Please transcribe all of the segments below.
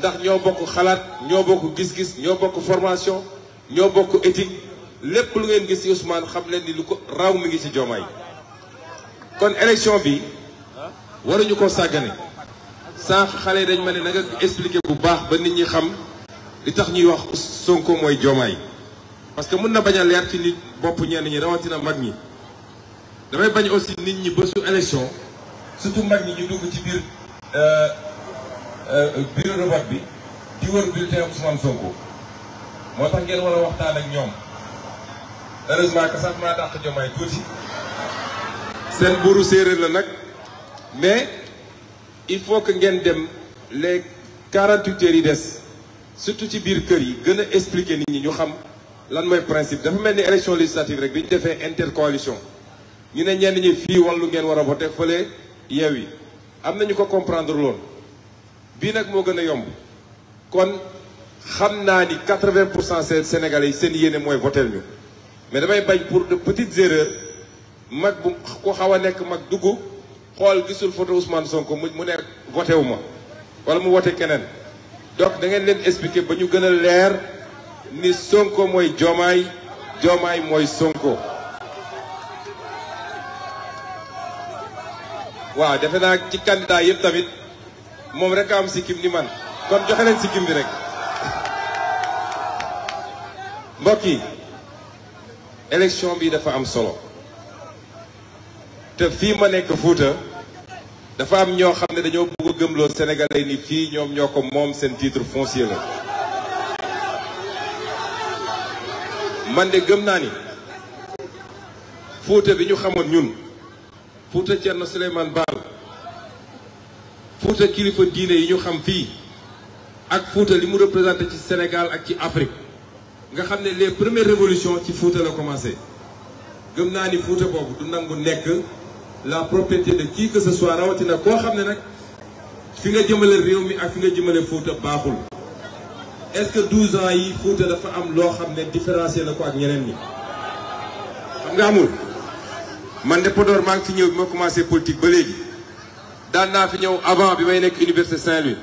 ndax ñoo bokk xalaat ñoo bokk gis-gis ñoo bokk formation ñoo bokk éthique lépp lu ngeen gis ci Ousmane xam leen ni lu ko raw mi ngi ci Diomaye kon élection bi waruñu ko sàggane sànq xale yi dañ ma ne na expliquer bu baax ba nit ñi xam li tax ñuy wax Sonko mooy Diomaye parce que mën na bañ a leer ci nit bopp ñenn ñi rawatina mag ñi damay bañ aussi nit ñi ba su élection surtout mag ñi ñu dugg ci biir euh, Euh, bureau de vote bi di wër bulletin Ousmane Sonko moo tax ngeen war a waxtaan ak ñoom heureusement que sax maa dàq jomaay tuuti seen buuru séeréer la nag mais il faut que ngeen dem les 48 yi des surtout ci biir kër yi gën a expliquer nit ñi ñu xam lan mooy principe dafa mel ni élection législative rek bi ñu defee intercoalition ñu ne ñenn ñi fii wàllu ngeen war a voté fële yeew yi am na ñu ko comprendre loon bii nag moo gën a yomb kon xam naa ni quatre-vingt pour cent seen Sénégalais yi seen yéene mooy votel ñu mais damay bañ pour de petites erreurs mag bu ko xaw a nekk mag dugg xool gisul photo Ousmane Sonko mu mu nekk voté wu ma wala mu voté keneen donc dangeen leen expliquer ba ñu gën a leer ni Sonko mooy Diomaye Diomaye mooy Sonko waaw defe naa ci candidat yëpp tamit moom rek am sikkim ni man kon joxe leen sikkim bi rek mbokk yi élection bi dafa am solo te fii ma nekk Fuuta dafa am ñoo xam ne dañoo bëgg gëmloo sénégalais ni fii ñoom ñoo ko moom seen titre foncier la man de gëm naa ni Fuuta bi ñu xamoon ñun Fuuta Thierno Souleymane Baal Fuuta kilifa diine yi ñu xam fii ak Fuuta li mu représenté ci Sénégal ak ci Afrique nga xam ne les première révolution ci Fuuta la commencé gëm naa ni Fuuta boobu du nangu nekk la propriété de qui que ce rawatina koo xam ne nag fi nga jëmale réew mi ak fi nga jëmale Fuuta baaxul est-ce que 12 ans yi Fuuta dafa am loo xam ne différencié la ko ak ñeneen ñi xam nga amul man de Podor maa ngi ci ñëw bi ma commencé politique ba léegi daan naa fi ñëw avant bi may nekk université Saint-Louis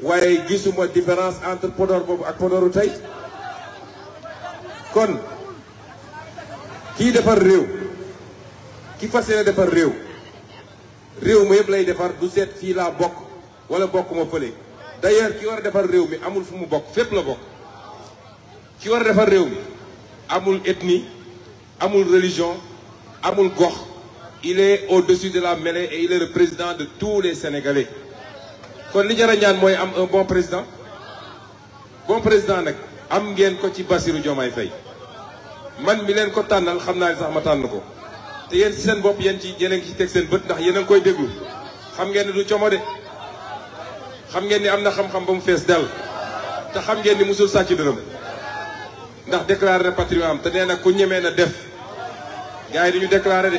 waaye gisuma différence entre Podor boobu ak Podoru tey kon kii defar réew ki fas yéene defar réew réew ma yëpp lay defar du seet fii laa bokk wala bokk ma fële d'ailleurs ki war a defar réew mi amul fu mu bokk fépp la bokk ki war a defar réew mi amul ethnie amul religion amul gox il est au-dessus de la mêlée et il est le président de tous les Sénégalais kon li jar a mooy am un bon président bon président nag am ngeen ko ci Bassirou Diomaye Faye man mi leen ko tànnal xam naa ne sax ma tànn ko te yéen si seen bopp yéen ci yéen a ci teg seen bët ndax yéen a ngi koy déglu xam ngeen ne du como de xam ngeen ni am na xam-xam ba mu fees dell te xam ngeen ni musul sàcc dërëm ndax déclaré na patrimoine am te nee na ku ñemee na def gars du dañu déclaré de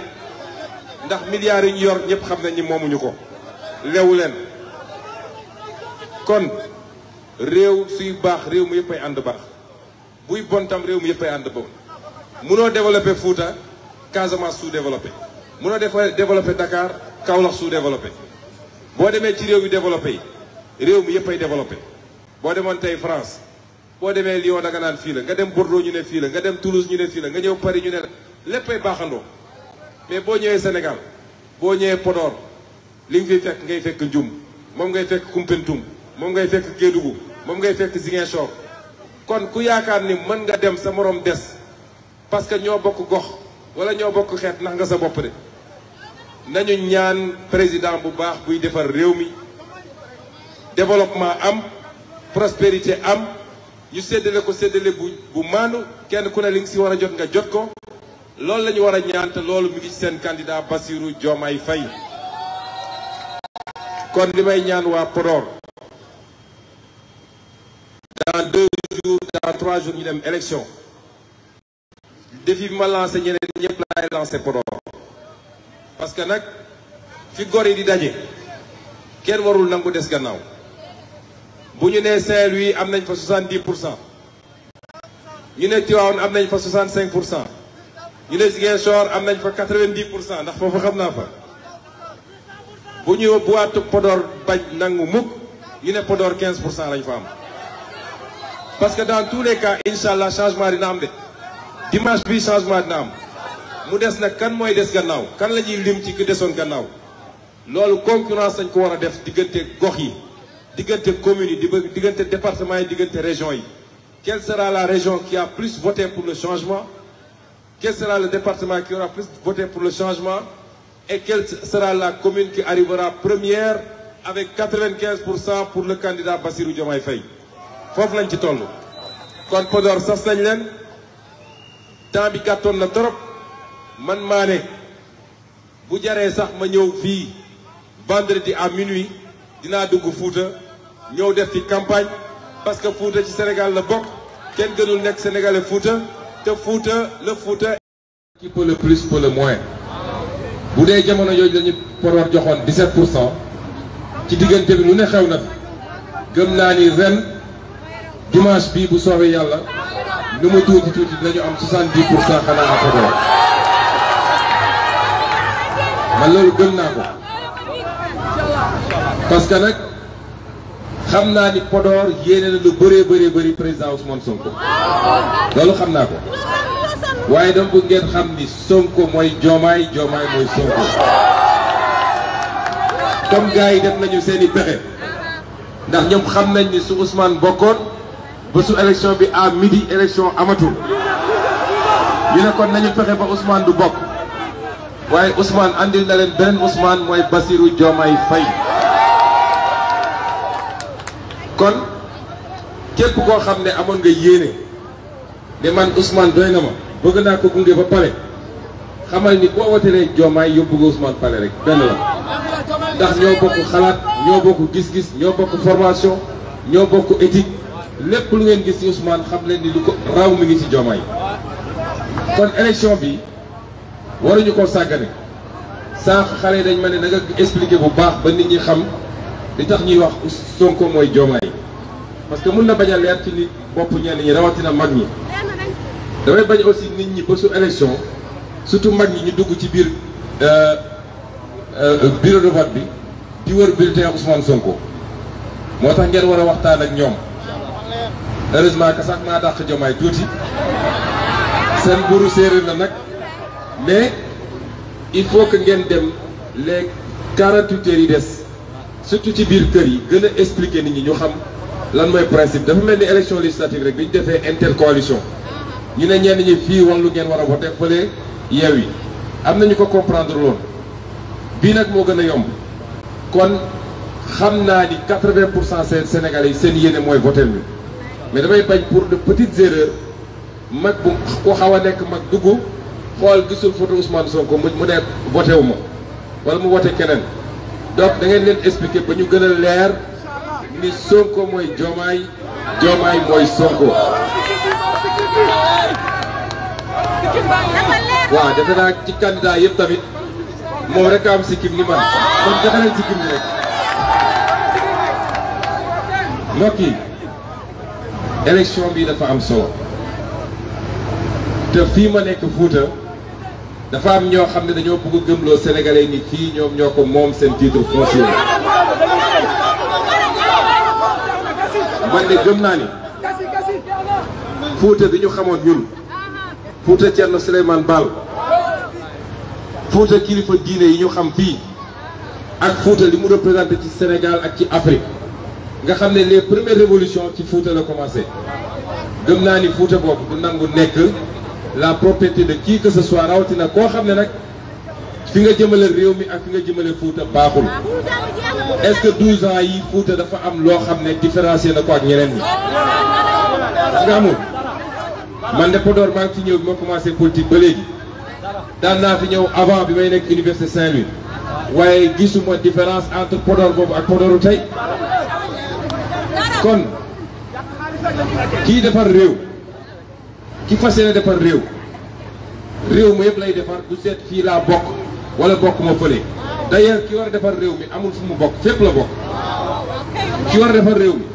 ndax milliards yi ñu yor ñëpp xam nañ ni moomuñu ko lewu leen kon réew suy baax réew mu yëpp ay ànd baax buy bon tam réew mu yëpp ay ànd bon munoo développé Fouta Casamance sous-développé munoo defa développé Dakar Kaolack sous-développé boo demee ci réew yu développé yi réew mi yëpp ay développé boo demoon tey France boo demee Lyon da nga naan fii la nga dem Bordeaux ñu ne fii la nga dem Toulouse ñu ne fii la nga ñëw Paris ñu ne ay baaxandoo mais boo ñëwee Sénégal boo ñëwee Podor li nga fiy fekk ngay fekk Ndioum moom ngay fekk Koumpentoum moom ngay fekk Kédougou moom ngay fekk Ziguinchor kon ku yaakaar ni mën nga dem sa moroom des parce que ñoo bokk gox wala ñoo bokk xeet nax nga sa bopp de nañu ñaan président bu baax buy defar réew mi développement am prospérité am ñu séddale ko séddale bu bu maandu kenn ku ne li nga si war a jot nga jot ko loolu la ñu war a ñaan te loolu mi ngi ci seen candidat Bassirou Diomaye Faye kon li may ñaan waa Podor dans deux jours dans trois jours ñu dem élection défi bi ma lancé ñeneen ñëpp laay lancé Podor parce que nag fi gor yi di daje kenn warul nangu des gannaaw bu ñu nee Saint-Louis am nañ fa 70 pour cent ñu ne Tivaouane am nañ fa 65 pour cent ñu ne soor am nañ fa 90 pour cent ndax foofu xam naa fa bu ñu boîte Podor bañ nangu mukk ñu ne Podor 15 pour cent lañ fa am. parce que dans tous les cas incha allah changement dina am de dimanche bi changement dina am mu des na kan mooy des gannaaw kan la ñuy lim ci ki desoon gannaaw loolu concurrence dañ ko war a def diggante gox yi diggante commune yi diggante département yi diggante région yi. quelle sera la région qui a plus voté pour le changement. quel sera le département qui aura plus voté pour le changement et quelle sera la commune qui arrivera première avec 95% pour le candidat Bassirou Diomaye Faye foofu lañ ci toll kon Podor sas nañ leen temps bi gàttoon na trop man maane bu jaree sax ma ñëw fii vendredi à minuit dinaa dugg Fuuta ñëw def ci campagne parce que Fuuta ci Sénégal la bokk kenn gënul nekk Sénégalais Fuuta te Fouta le Fouta. qui peut plus peut le bu dee jamono yooyu la ñu Podor joxoon 17 pour cent ci diggante bi mu ne xew na gëm naa ni ren dimanche bii bu soobee yàlla lu mu tuuti tuuti dinañu am 70 pour cent xanaa à Podor man loolu gëm naa ko parce nag. xam naa ni Podor yéene na lu bëree bëri bëri président Ousmane Sonko loolu xam naa ko waaye dama bëgg ngeen xam ni Sonko mooy Diomaye joomaay mooy Sonko comme gars yi def nañu seeni pexe ndax ñoom xam nañ ni su Ousmane bokkoon ba su élection bi à midi élection amatu ñu nekkoon nañu pexe ba Ousmane du bokk waaye Ousmane andil na leen beneen Ousmane mooy Basirou Diomaye fay kon képp koo xam ne amoon nga yéene ne man Ousmane doy na ma bëgg naa ko gunge ba pare xamal ni boo wotelee Diomaye yóbbu nga Ousmane pale rek benn la ndax ñoo bokk xalaat ñoo bokk gis-gis ñoo bokk formation ñoo bokk éthique lépp lu ngeen gis ci Ousmane xam leen ni lu ko raw mi ngi ci Diomaye kon élection bi waruñu ko sàggane saa xale dañ ma ne na nga expliqué bu baax ba nit ñi xam li tax ñuy wax Sonko mooy Diomaye parce que mun na baña a leer ci nit bopp ñenn ñi rawatina mag ñi damay bañ aussi nit ñi ba su élection surtout mag ñi ñu dugg ci biir euh, euh, bureau de vote bi di wër bulletin Ousmane Sonko moo tax ngeen war a waxtaan ak ñoom heureusement que sax maa dàq jomaay tuuti seen buru séeréer la nag mais il faut que ngeen dem les quarante-huit yi des surtout ci biir kër yi gën a expliquer nit ñi ñu xam lan mooy principe dafa mel ni élection législative rek bi ñu defee intercoalition ñu ne ñenn ñi fii lu ngeen war a voté fële yeew yi am nañu ko comprendre lool bii nag moo gën a yomb kon xam naa ni quatre-vingt pour cent seen Sénégalais yi seen yéene mooy voté ñu mais damay bañ pour de petites erreurs mag bu ku xaw a nekk mag duggu xool gisul photo Ousmane Sonko mu mu ne voté wu ma wala mu voté keneen donc da ngeen leen expliquer ba ñu gën a leer. ni Sonko mooy mooy Sonko waaw ci candidat rek am sikkim ni man kon bi dafa am solo te fii ma nekk Fuuta dafa am ñoo xam ne dañoo bëgg a gëmloo Sénégalais ni fii ñoom ñoo ko moom seen titre foncier man de gëm naa ni Fuuta bi ñu xamoon ñun Fuuta Cerno Souleymane Baal Fuuta kilifa diine yi ñu xam fii ak Fuuta li mu représenté ci Sénégal ak ci Afrique nga xam ne les premières révolutions ci Fuuta la commencé gëm naa ni Fuuta boobu du nangu nekk la propriété de qui que ce soit rawatina koo xam ne nag fi nga jëmale réew mi ak fi nga jëmale Fouta baaxul est-ce que 12 ans yi Fouta dafa am loo xam ne différencié na ko ak ñeneen ñi. nga amul man de Podor maa ngi fi ñëw bi ma commencé politique ba léegi daan naa fi ñëw avant bi may nekk université Saint-Louis waaye gisuma différence entre Podor boobu ak Podoru tey kon kii defar réew ki fas yéene defar réew réew mu yëpp lay defar du seet fii laa bokk. wala bokk ma fële d'ailleurs ki war a defar réew mi amul fu mu bokk fépp la bokk ki war defar réew mi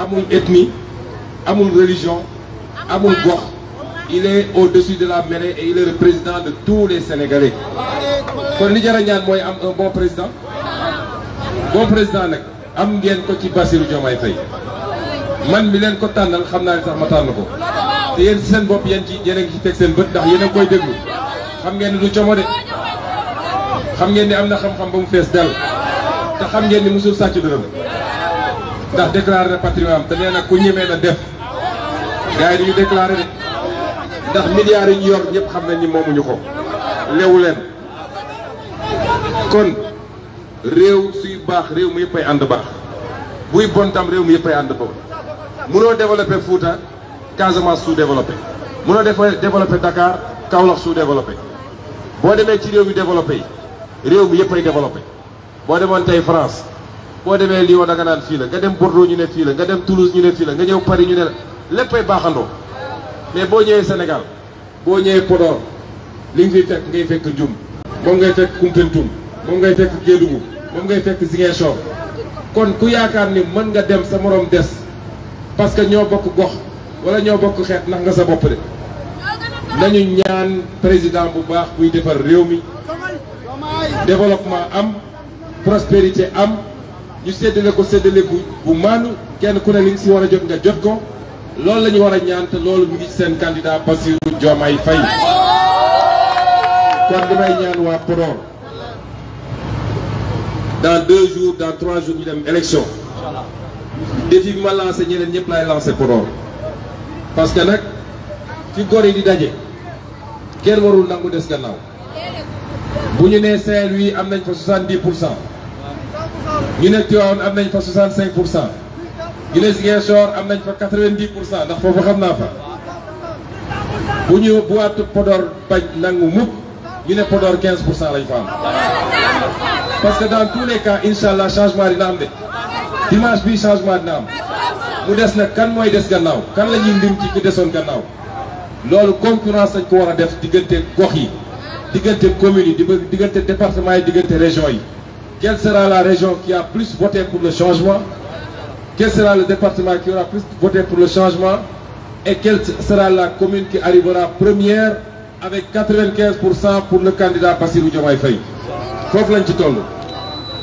amul ethnie amul religion amul gox il est au-dessus de la mêlée et il est le président de tous les Sénégalais kon li jar ñaan mooy am un bon président bon président nag am ngeen ko ci Bassirou Diomaye Faye man mi leen ko tànnal xam naa ne sax ma tànn ko te yéen si seen bopp yéen ci yéen a ngi seen bët ndax yéen koy déglu xam ngeen ne du como xam ngeen ni am na xam-xam ba mu fees dell te xam ngeen ni mosul sàcc dërëm ndax déclaré na patrimoine te nee ku ñemee na def gars yi dañu déclaré rek ndax milliards yi ñu yor ñëpp xam nañ ni moomuñu ko lewu leen kon réew suy baax réew mu yëppay ànd baax buy bon tam réew mu yëppay ànd bon munoo développé Fouta Casamance sous-développé munoo développé Dakar Kaolack sous-développé boo demee ci réew yu développé yi réew mi yëpp ay développé boo demoon tey France boo demee Lyon da nga naan fii la nga dem Bordeaux ñu ne fii la nga dem Toulouse ñu ne fii la nga ñëw Paris ñu ne la léppay baaxandoo mais boo ñëwee Sénégal boo ñëwee Podor li nga fiy fekk ngay fekk Ndioum moom ngay fekk Koumpentoum moom ngay fekk Kédougou moom ngay fekk Ziguinchor kon ku yaakaar ni mën nga dem sa moroom des parce que ñoo bokk gox wala ñoo bokk xeet ndax nga sa bopp de nañu ñaan président bu baax buy defar réew mi développement am prospérité am ñu séddale ko séddale bu bu maanu kenn ku ne li nga war a jot nga jot ko loolu la ñu war a ñaan te loolu mu ngi seen candidat Bassirou Diomaye Faye kon damay ñaan waa Podor dans deux jours dans trois jours ñu dem élection défi bi ma lancé ñeneen ñëpp laay lancé Podor parce que nag ci góor yi di daje kenn warul nangu des gannaaw bu ñu nee Saint-Louis am nañ fa 70 pour cent ñu ne Tivaouane am nañ fa 65 pour cent ñu ne Ziguinchor am nañ fa 90 pour cent ndax foofu xam naa fa bu ñu bu waatu Podor bañ nangu mukk ñu ne podoor quinze pour cent lañ fa am parce que dans tous les cas incha allah changement dina am de dimanche bi changement dina am mu des na kan mooy des gannaaw kan la ñuy ndim ci ki desoon gannaaw loolu concurrence lañ ko war a def diggante gox yi. diggante communes yi diggante département yi diggante région yi quelle sera la région qui a plus voté pour le changement quel sera le département qui aura plus voté pour le changement et quelle sera la commune qui arrivera première avec 95 pour cent pour le candidat Bassirou Diomaye Faye foofu lañ ci toll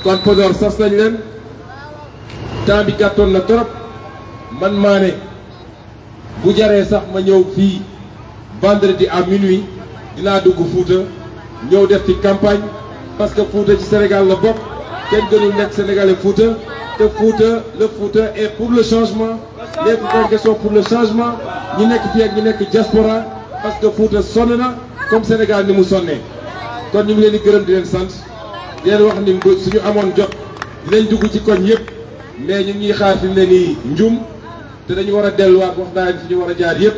kon Podor sas nañ leen temps bi gàttoon na trop man maa ne bu jaree sax ma ñëw fi a à minuit dinaa dugg Fouta ñëw def ci campagne parce que Fouta ci Sénégal la bokk kenn gënul nekk Sénégalais Fouta te Fouta le Fouta et pour le changement les Foutanké sont pour le changement ñi nekk fii ak ñi nekk diaspora parce que Fouta sonn na comme Sénégal ni mu sonnee kon ñu leen di gërëm di leen sant leen wax ni suñu amoon jot dinañ dugg ci koñ yëpp mais ñu ngi xaar fi mu ne njum te dañu war a delluwaat wax naa fi ñu war a jaar yëpp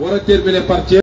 war a terminer